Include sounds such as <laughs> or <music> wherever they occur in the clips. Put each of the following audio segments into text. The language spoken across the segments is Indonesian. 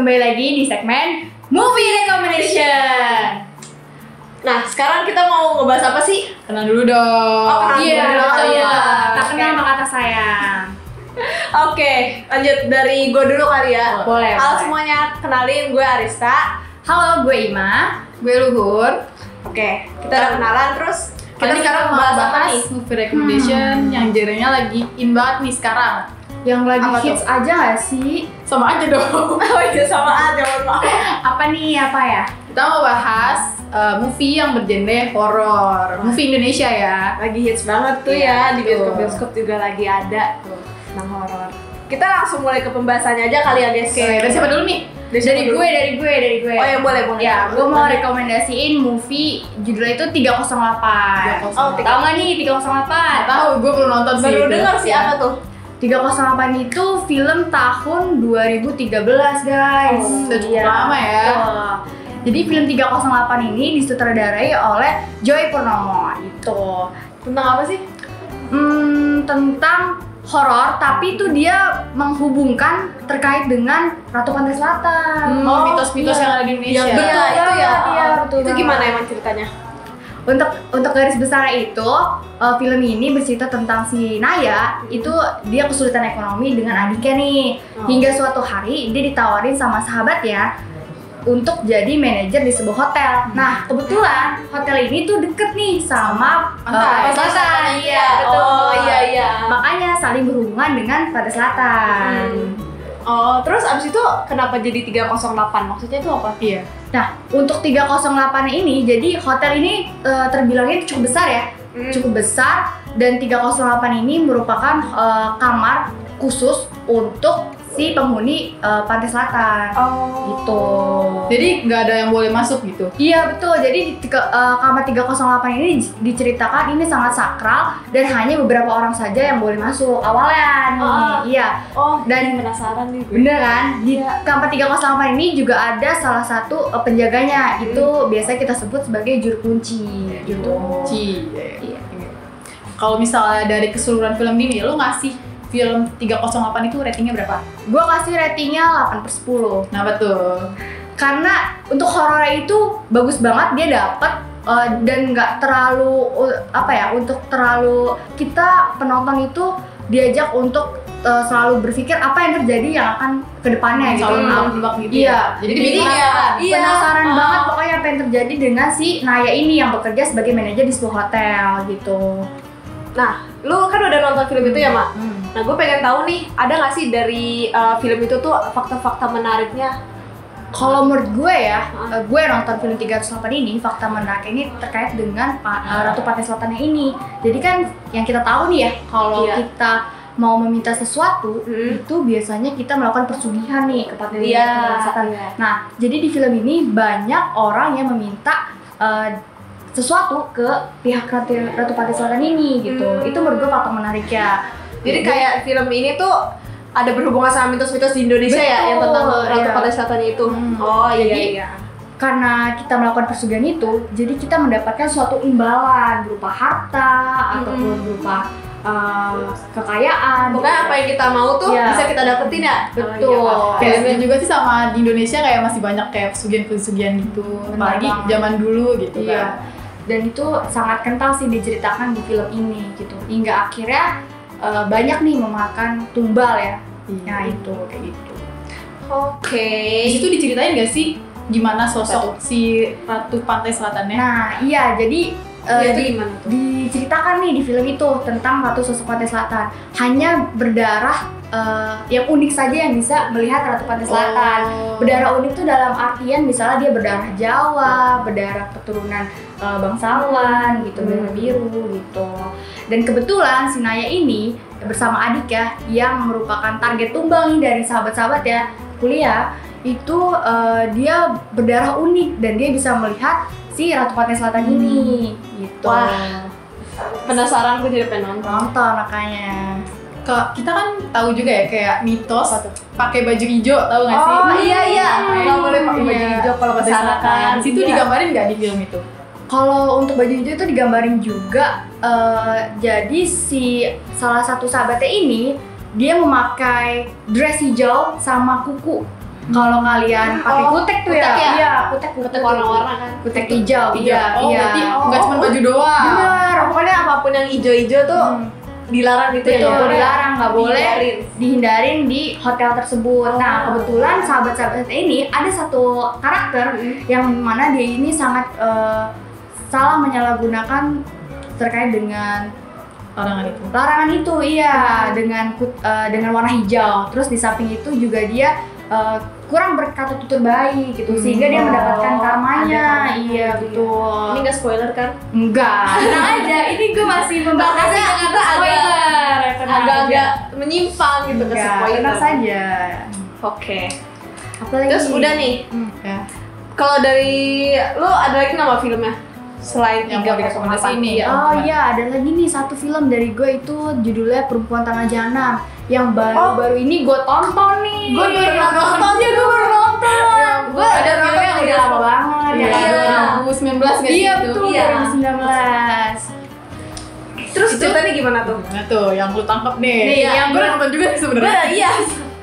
Kembali lagi di segmen Movie Recommendation. Nah, sekarang kita mau ngebahas apa sih? Kenal dulu dong. Oh, iya, dulu. Oh, iya. Tak kenal sama kata sayang. <laughs> Oke, okay, lanjut dari gue dulu kali ya. Boleh. Halo boleh. semuanya, kenalin gue Arista. Halo, gue Ima. Gue Luhur. Oke, okay, kita udah kenalan terus kita sekarang mau bahas apa nih? Movie recommendation hmm. yang jadinya lagi in banget nih sekarang yang lagi apa hits tuh? aja gak sih? Sama aja dong. <laughs> oh iya sama aja, mohon maaf. apa nih apa ya? Kita mau bahas uh, movie yang bergenre horor, movie Indonesia ya. Lagi hits banget tuh iya, ya, di bioskop-bioskop juga lagi ada tuh tentang horor. Kita langsung mulai ke pembahasannya aja kali ya guys. Oke, okay, dari siapa dulu nih? Dari, dari gue, dari gue, dari gue. Oh ya boleh, boleh. Ya, gue mau rekomendasiin movie judulnya itu 308. 308. Oh, 308. Tahu nggak nih 308? Tahu, gue belum nonton sih. Baru dengar sih apa tuh? 308 itu film tahun 2013 guys. Oh, Sudah cukup iya. lama ya. oh. Jadi film 308 ini disutradarai oleh Joy Purnomo itu. Tentang apa sih? Hmm, tentang horor tapi itu dia menghubungkan terkait dengan Ratu Pantai Selatan. oh, mitos-mitos iya. yang ada di Indonesia. Ya, betul, ya, itu ya. Iya, betul itu gimana emang ceritanya? untuk untuk garis besar itu uh, film ini bercerita tentang si Naya itu dia kesulitan ekonomi dengan adiknya nih oh. hingga suatu hari dia ditawarin sama sahabatnya untuk jadi manajer di sebuah hotel. Hmm. Nah, kebetulan hotel ini tuh deket nih sama pantai uh, selatan. Iya, Oh, iya iya. Makanya saling berhubungan dengan pantai selatan. Hmm. Oh, terus abis itu kenapa jadi 308? Maksudnya itu apa? Iya. Nah, untuk 308 ini, jadi hotel ini e, terbilangnya cukup besar ya. Hmm. Cukup besar, dan 308 ini merupakan e, kamar khusus untuk si penghuni uh, pantai selatan oh. gitu jadi nggak ada yang boleh masuk gitu iya betul jadi di tiga, uh, kamar 308 ini diceritakan ini sangat sakral dan hanya beberapa orang saja yang boleh masuk awalnya nih oh. iya oh dan penasaran nih bener kan di ya. kamar 308 ini juga ada salah satu uh, penjaganya hmm. itu biasa kita sebut sebagai juru kunci ya, juru gitu. kunci iya. kalau misalnya dari keseluruhan film ini lo ngasih film 308 itu ratingnya berapa? Gue kasih ratingnya 8 per 10 Nah betul Karena untuk horor itu bagus banget dia dapat uh, eh, dan nggak terlalu uh, apa ya untuk terlalu kita penonton itu diajak untuk uh, selalu berpikir apa yang terjadi yang akan kedepannya hmm, gitu. Selalu gitu iya. Ya. Jadi, Jadi ya, iya. penasaran uh. banget pokoknya apa yang terjadi dengan si Naya ini yang bekerja sebagai manajer di sebuah hotel gitu. Nah, lu kan udah nonton film itu ya, hmm. Mak? Hmm. Nah, gue pengen tahu nih, ada gak sih dari uh, film itu tuh fakta-fakta menariknya? Kalau menurut gue ya, uh, gue nonton film 308 ini, fakta menarik ini terkait dengan hmm. eh, Ratu Pantai Selatannya ini. Jadi kan yang kita tahu nih ya, kalau iya. kita mau meminta sesuatu hmm. itu biasanya kita melakukan persugihan nih ke pantai iya, selatan. Iya. Nah, jadi di film ini banyak orang yang meminta uh, sesuatu ke pihak Ratu, Ratu Pantai Selatan ini gitu. Hmm. Itu menurut gue faktor ya Jadi kayak film ini tuh ada berhubungan sama mitos-mitos di Indonesia Betul, ya yang tentang Ratu iya. Pantai Selatan itu. Hmm. Oh iya jadi, iya. Karena kita melakukan persugihan itu, jadi kita mendapatkan suatu imbalan berupa harta hmm. ataupun berupa Uh, kekayaan. Pokoknya gitu. apa yang kita mau tuh yeah. bisa kita dapetin ya. Betul. Oh, iya, kayak gitu. juga sih sama di Indonesia kayak masih banyak kayak persugihan-persugihan gitu. Apalagi zaman dulu gitu yeah. kan dan itu sangat kental sih diceritakan di film ini gitu hingga akhirnya uh, banyak nih memakan tumbal ya hmm. nah itu kayak gitu oke okay. di situ diceritain gak sih gimana sosok Batu. si ratu pantai selatannya nah iya jadi uh, di, diceritakan nih di film itu tentang ratu sosok pantai selatan hanya berdarah uh, yang unik saja yang bisa melihat Ratu Pantai Selatan. Oh. Berdarah unik itu dalam artian misalnya dia berdarah Jawa, berdarah keturunan uh, bangsawan gitu hmm. biru gitu dan kebetulan si Naya ini bersama adik ya yang merupakan target tumbang dari sahabat-sahabat ya kuliah itu uh, dia berdarah unik dan dia bisa melihat si Ratu Pantai Selatan hmm. ini gitu Wah. penasaran gue jadi pengen nonton makanya ke, kita kan tahu juga ya kayak mitos pakai baju hijau tahu nggak sih? Oh iya iya, nggak boleh pakai baju iya. hijau kalau ke sana kan. Situ iya. digambarin nggak di film itu? Kalau untuk baju hijau itu digambarin juga. Uh, jadi si salah satu sahabatnya ini dia memakai dress hijau sama kuku. Hmm. Kalau kalian pakai oh, kutek tuh ya? kutek ya, iya kutek kutek warna-warna kan, kutek hijau, iya, oh, iya. Berarti oh, nggak cuma baju doang. benar pokoknya apapun yang hijau-hijau tuh hmm dilarang gitu ya? Betul, ya dilarang nggak boleh dihindarin. dihindarin di hotel tersebut nah, oh. nah kebetulan sahabat-sahabat ini ada satu karakter hmm. yang mana dia ini sangat uh, salah menyalahgunakan terkait dengan larangan itu. Larangan itu iya dengan uh, dengan warna hijau. Terus di samping itu juga dia uh, kurang berkata tutur baik gitu hmm. sehingga dia oh, mendapatkan karmanya. Iya betul. Ini enggak spoiler kan? Enggak. <laughs> Tenang aja. Ini gue masih membahas dengan spoiler. Agak-agak menyimpang gitu ke spoiler. Tenang saja. Oke. Okay. Terus udah nih. Hmm. Ya. Kalau dari lo ada lagi nama filmnya? selain yang tiga rekomendasi ini ya, oh iya ada lagi nih satu film dari gue itu judulnya perempuan tanah jahanam yang baru-baru oh. ini gue tonton nih gue baru nonton ya gue baru nonton gue ada film yang udah lama iya. banget ya. Iya. 2019 gak iya, gitu iya betul 2019 iya. Terus itu, ceritanya gimana tuh? Gimana tuh yang lu tangkap nih? Nih, ya, yang gue nonton juga sebenarnya. Iya.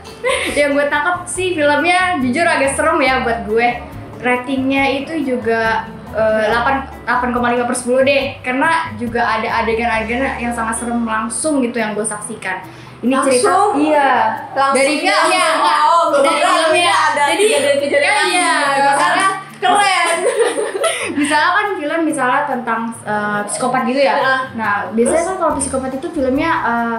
<laughs> yang gue tangkap sih filmnya jujur agak serem ya buat gue. Ratingnya itu juga Eh, iya. delapan koma lima per sepuluh deh karena juga ada adegan-adegan yang sangat serem langsung gitu yang gue saksikan ini langsung? cerita iya langsung dari ya? filmnya iya, enggak oh, oh dari filmnya ada jadi kejadian kan, iya, karena iya, keren <laughs> misalnya kan film misalnya tentang uh, psikopat gitu ya iya. nah biasanya kan kalau psikopat itu filmnya uh,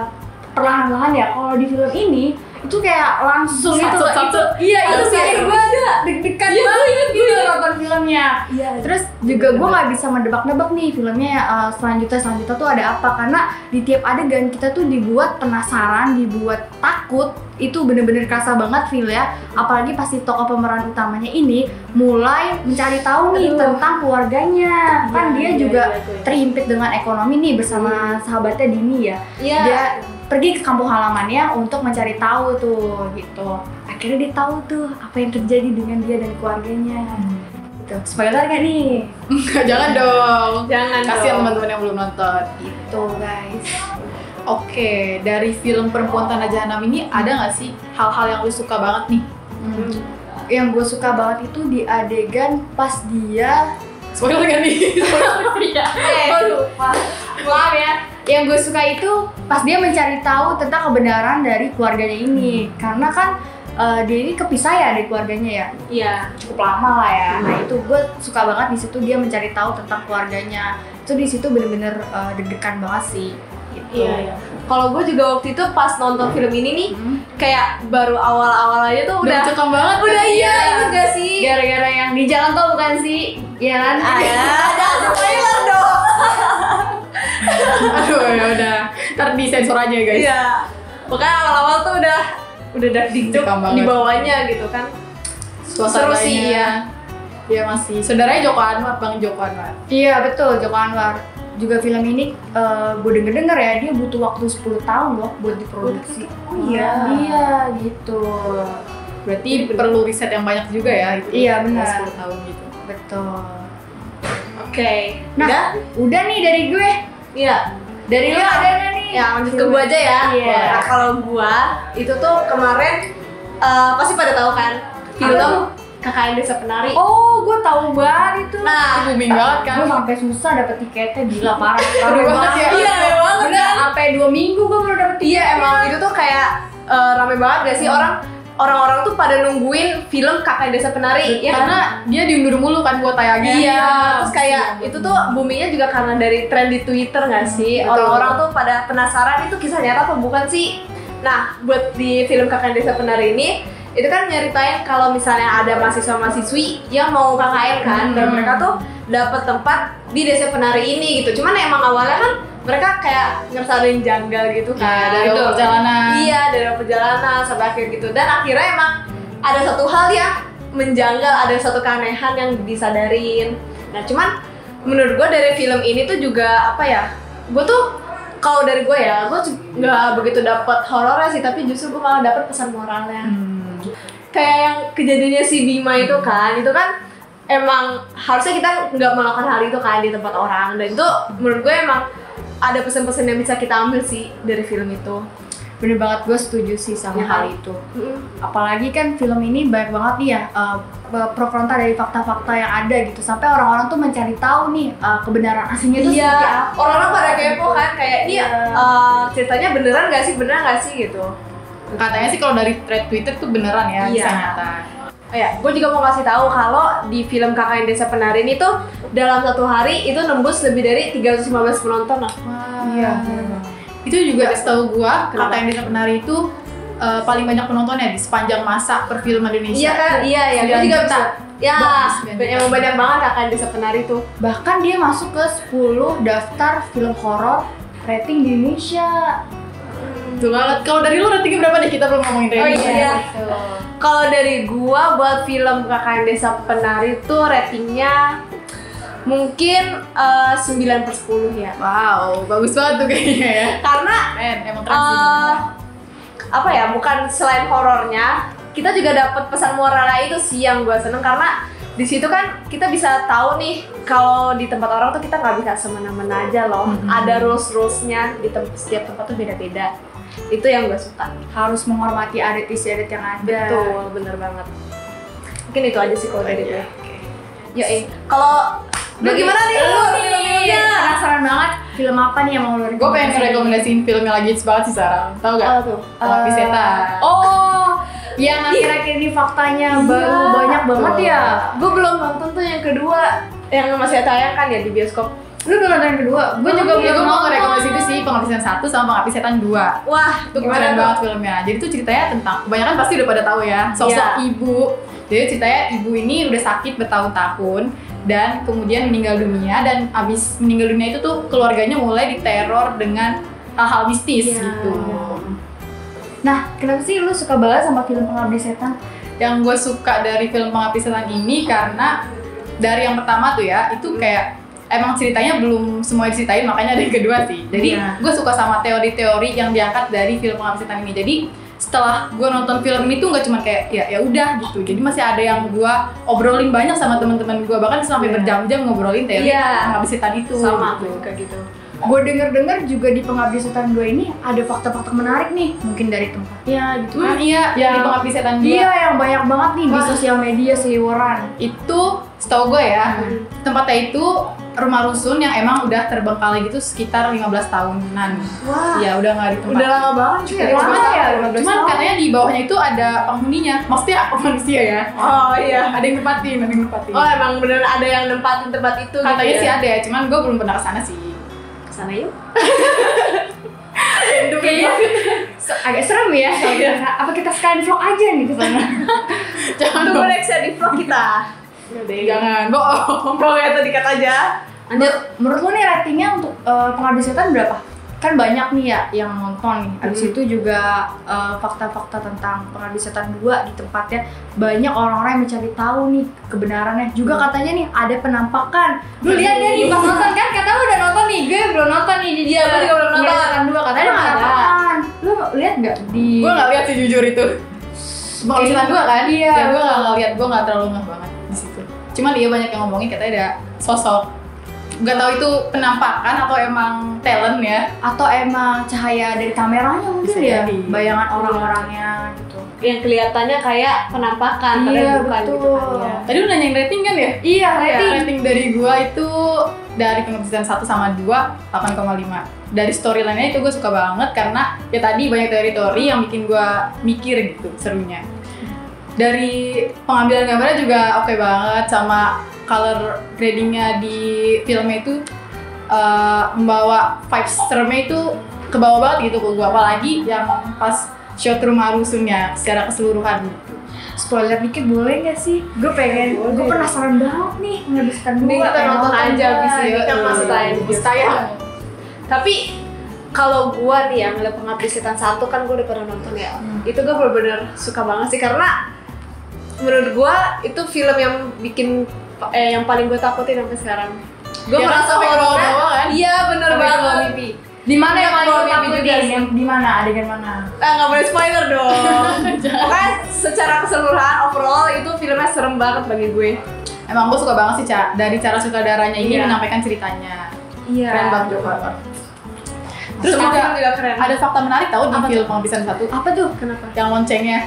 perlahan-lahan ya kalau di film ini itu kayak langsung satu, itu satu, itu iya itu sih gue ada deg-degan iya, banget iya, gitu iya. nonton filmnya iya, iya. terus juga gue nggak bisa mendebak nebak nih filmnya uh, selanjutnya selanjutnya tuh ada apa karena di tiap adegan kita tuh dibuat penasaran dibuat takut itu bener-bener kerasa banget feel ya apalagi pasti tokoh pemeran utamanya ini mulai mencari tahu nih Aduh. tentang keluarganya kan iya, kan dia iya, juga iya, iya. terhimpit dengan ekonomi nih bersama sahabatnya Dini ya iya. dia pergi ke kampung halamannya untuk mencari tahu tuh gitu akhirnya dia tahu tuh apa yang terjadi dengan dia dan keluarganya gitu spoiler gak nih jangan dong jangan kasihan teman-teman yang belum nonton itu guys oke dari film perempuan tanah jahanam ini ada nggak sih hal-hal yang lu suka banget nih hmm. yang gue suka banget itu di adegan pas dia spoiler gak nih <laughs> spoiler ya eh, maaf ya yang gue suka itu pas dia mencari tahu tentang kebenaran dari keluarganya ini hmm. karena kan uh, dia ini kepisah ya dari keluarganya ya iya cukup lama lah ya hmm. nah itu gue suka banget di situ dia mencari tahu tentang keluarganya itu di situ bener-bener uh, deg-degan banget sih gitu. iya, iya. kalau gue juga waktu itu pas nonton film ini nih hmm. kayak baru awal-awal aja tuh udah cocok banget udah kan? iya, iya. itu gak sih gara-gara yang di jalan tuh bukan sih iya kan ada ah, ya. <laughs> ada spoiler aduh ya udah ntar di sensor aja ya guys iya pokoknya awal-awal tuh udah udah dagding tuh di bawahnya gitu kan Suasananya, seru sih ya Iya masih. Saudaranya Joko Anwar, Bang Joko Anwar. Iya betul, Joko Anwar. Juga film ini uh, eh, gue denger-denger ya, dia butuh waktu 10 tahun loh buat diproduksi. Oh iya. Iya gitu. Berarti Jadi, perlu riset yang banyak juga ya itu. Iya benar. 10 tahun gitu. Betul. Oke. Okay. Nah, udah? udah nih dari gue. Iya. Dari lu iya. ada nggak nih? Ya lanjut ke gua aja ya. Iya. Nah, kalau gua itu tuh kemarin uh, pasti pada tahu kan film KKN Desa Penari. Oh, gua tahu banget itu. Nah, booming banget kan. Gua sampai susah dapet tiketnya gila parah. Parah <laughs> banget ya. Iya, memang. banget. Kan? sampai dua minggu gua baru dapet tiket. Iya, emang itu tuh kayak uh, rame banget gak sih hmm. orang orang-orang tuh pada nungguin film kakak desa penari ya, Betul. ya karena dia diundur mulu kan buat tayangnya iya terus kayak iya. itu tuh buminya juga karena dari tren di twitter nggak hmm, sih orang-orang tuh pada penasaran itu kisah nyata atau bukan sih nah buat di film kakak desa penari ini itu kan nyeritain kalau misalnya ada mahasiswa-mahasiswi yang mau KKN kan hmm. dan mereka tuh dapat tempat di desa penari ini gitu cuman emang awalnya kan mereka kayak ngerasa ada janggal gitu nah, kan ya, dari gitu. perjalanan iya dari perjalanan sampai akhir gitu dan akhirnya emang ada satu hal yang menjanggal ada satu keanehan yang disadarin nah cuman menurut gue dari film ini tuh juga apa ya gue tuh kalau dari gue ya gue nggak begitu dapat horornya sih tapi justru gue malah dapat pesan moralnya hmm. kayak yang kejadiannya si Bima itu kan itu kan emang harusnya kita nggak melakukan hal itu kan di tempat orang dan itu menurut gue emang ada pesan-pesan yang bisa kita ambil sih dari film itu bener banget gue setuju sih sama ya. Kan? hal itu mm. apalagi kan film ini banyak banget nih ya uh, eh, pro kontra dari fakta-fakta yang ada gitu sampai orang-orang tuh mencari tahu nih uh, kebenaran aslinya itu iya. apa orang-orang pada kepo kan iya. kayak ini iya. uh, eh, ceritanya beneran gak sih beneran gak sih gitu katanya sih kalau dari thread Twitter tuh beneran ya iya. bisa Oh ya, gue juga mau kasih tahu kalau di film KKN Desa Penari ini tuh dalam satu hari itu nembus lebih dari 315 penonton lah. Wow. Iya. Itu juga iya. setahu gue KKN Desa Penari itu uh, paling banyak penontonnya di sepanjang masa perfilman Indonesia. Iya kan? Iya iya. Gue juga bisa. Ya, yang banyak banget Akan Desa Penari itu. Bahkan dia masuk ke 10 daftar film horor rating di Indonesia. Betul banget. Kalau dari lu ratingnya berapa nih Kita belum ngomongin rating. Oh iya. Ya. Kalau dari gua buat film Kakak Desa Penari itu ratingnya mungkin uh, eh, 9 per 10 ya. Wow, bagus banget tuh kayaknya ya. Karena Men, emang uh, apa ya, bukan selain horornya, kita juga dapat pesan moralnya itu siang yang gue seneng karena di situ kan kita bisa tahu nih kalau di tempat orang tuh kita nggak bisa semena-mena aja loh. Mm -hmm. Ada rules rulesnya di tem setiap tempat tuh beda-beda itu yang gue suka harus menghormati adat istiadat yang ada betul bener banget mungkin itu aja sih kalau dari iya, gue ya eh kalau gimana nih lu penasaran banget film apa nih yang mau lu gue pengen rekomendasiin film yang lagi hits banget sih sekarang tau gak? Oh, tuh. Lapis Setan eh, oh yang akhir-akhir ini faktanya iya. baru banyak banget ya gue belum nonton tuh yang kedua yang masih tayang kan ya di bioskop Lu udah nonton yang kedua? Gue juga belum Gue mau rekomendasi itu sih Pengabdi satu sama Pengabdi Setan dua Wah, itu keren banget filmnya Jadi tuh ceritanya tentang, kebanyakan pasti udah pada tahu ya Sosok yeah. ibu Jadi ceritanya ibu ini udah sakit bertahun-tahun dan kemudian meninggal dunia dan abis meninggal dunia itu tuh keluarganya mulai diteror dengan hal-hal mistis yeah. gitu. Nah, kenapa sih lu suka banget sama film Pengabdi Setan? Yang gue suka dari film Pengabdi Setan ini karena dari yang pertama tuh ya, itu kayak emang ceritanya belum semua diceritain makanya ada yang kedua sih jadi yeah. gue suka sama teori-teori yang diangkat dari film penghabisan ini. jadi setelah gue nonton film ini tuh nggak cuma kayak ya ya udah gitu jadi masih ada yang gue obrolin banyak sama teman-teman gue bahkan sampai yeah. berjam-jam ngobrolin teori yeah. penghabisan itu sama gitu. kayak gitu gue denger denger juga di pengabdi setan dua ini ada fakta-fakta menarik nih mungkin dari tempatnya gitu kan iya yang, di pengabdi setan iya yang banyak banget nih Wah. di sosial media siwuran itu setau gue ya hmm. tempatnya itu rumah rusun yang emang udah terbengkalai gitu sekitar 15 tahunan. Wah. Ya udah nggak ditempatin. Udah lama banget sih. Iya, ya, lama ya. Cuman tahun. katanya di bawahnya itu ada penghuninya. Maksudnya <laughs> manusia ya. Oh iya. Ada yang nempatin, ada yang nempatin. Oh emang bener ada yang nempatin tempat itu. Gitu katanya gitu ya? sih ada ya. Cuman gue belum pernah kesana sih. Kesana yuk. <laughs> Kayaknya agak serem ya. Iya. Apa kita sekalian vlog aja nih kesana? <laughs> Jangan tunggu next ya di vlog kita. Jangan bohong. bohong ya tadi kata aja. Anjir, menurut lu nih ratingnya untuk uh, eh, pengabdi setan berapa? kan banyak nih ya yang nonton nih. Abis hmm. itu juga eh, fakta-fakta uh, tentang pengabdi setan dua di tempatnya banyak orang-orang yang mencari tahu nih kebenarannya. Juga hmm. katanya nih ada penampakan. Lu lihat dia nih hmm. pas nonton kan kata lu udah nonton nih, gue belum nonton nih dia gue juga belum nonton. Setan 2 katanya ada penampakan. Lu lihat nggak di Gue nggak lihat sih jujur itu. Pengabdi setan 2 kan? Iya. Ya gue nggak lihat, gue nggak terlalu ngeh banget cuma dia banyak yang ngomongin katanya ada sosok nggak tahu itu penampakan atau emang talent ya atau emang cahaya dari kameranya mungkin Bisa ya jadi. bayangan orang-orangnya gitu yang kelihatannya kayak penampakan iya, bukan betul. gitu kan ya. tadi udah nanyain rating kan ya iya rating rating dari gua itu dari pengabdian 1 sama 2 8,5 dari storyline-nya itu gue suka banget karena ya tadi banyak teori-teori yang bikin gue mikir gitu serunya dari pengambilan gambarnya juga oke okay banget sama color gradingnya di filmnya itu uh, membawa vibes seremnya itu ke bawah banget gitu ke gua apalagi yang pas shot rumah rusunnya secara keseluruhan gitu spoiler dikit boleh gak sih? Gue pengen, gue penasaran banget nih menghabiskan gue Nih kita nonton aja abis ini kan pas tayang. Iya. tayang. Tapi kalau gue nih yang ngeliat pengabdi setan satu kan gue udah pernah nonton ya. Hmm. Itu gue bener-bener suka banget sih karena menurut gue itu film yang bikin eh, yang paling gue takutin sampai sekarang gue ya, merasa horor bawa kan iya bener banget mimpi di mana yang paling gue takutin yang di mana adegan mana eh nggak boleh spoiler dong <laughs> pokoknya secara keseluruhan overall itu filmnya serem banget bagi gue emang gue suka banget sih ca dari cara sutradaranya ini yeah. menyampaikan ceritanya iya yeah. keren banget Joker Terus juga, juga keren. ada fakta menarik tau di apa film Penghabisan Satu Apa tuh? Kenapa? Yang loncengnya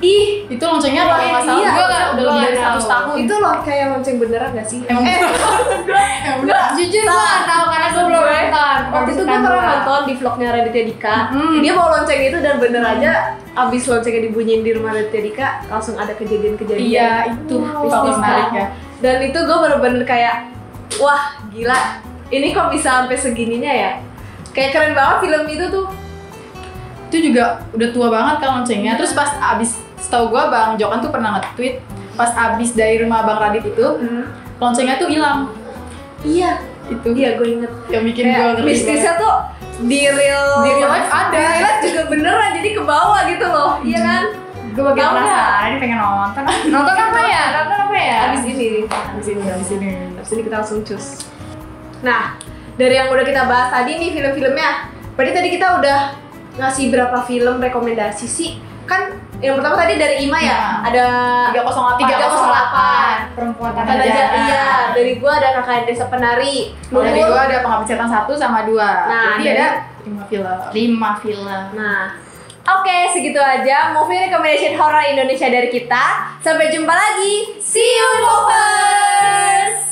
ih itu loncengnya apa mas iya, gue gak iya, iya, udah lebih iya. dari seratus tahun itu loh kayak lonceng beneran gak sih emang eh, eh gue <laughs> jujur gue gak tahu karena gue belum nonton waktu itu gue pernah nonton di vlognya Raditya Dika hmm. dia mau lonceng itu dan bener hmm. aja abis loncengnya dibunyiin di rumah Raditya Dika langsung ada kejadian-kejadian iya itu wow. bisnis ya dan itu gue bener-bener kayak wah gila ini kok bisa sampai segininya ya kayak keren banget film itu tuh itu juga udah tua banget kan loncengnya terus pas abis setahu gue bang Jokan tuh pernah nge-tweet pas abis dari rumah bang Radit itu mm. loncengnya tuh hilang iya itu iya gue inget yang bikin gue ngerti bisnisnya tuh di real di real life ada di real life juga beneran jadi ke bawah gitu loh iya hmm. kan gue bagian penasaran ini pengen nonton nonton apa ya <laughs> nonton apa ya abis ini abis ini abis ini abis ini kita langsung cus nah dari yang udah kita bahas tadi nih film-filmnya berarti tadi kita udah ngasih berapa film rekomendasi sih? Kan yang pertama tadi dari Ima ya, nah, ada 308, 308 perempuan tanah jahat. Iya, dari gua ada kakak desa penari. Lumpur. Dari gua ada pengabdi setan satu sama dua. Nah, Jadi ada lima film. Lima film. Nah, Oke, okay, segitu aja movie recommendation horror Indonesia dari kita. Sampai jumpa lagi. See you movers.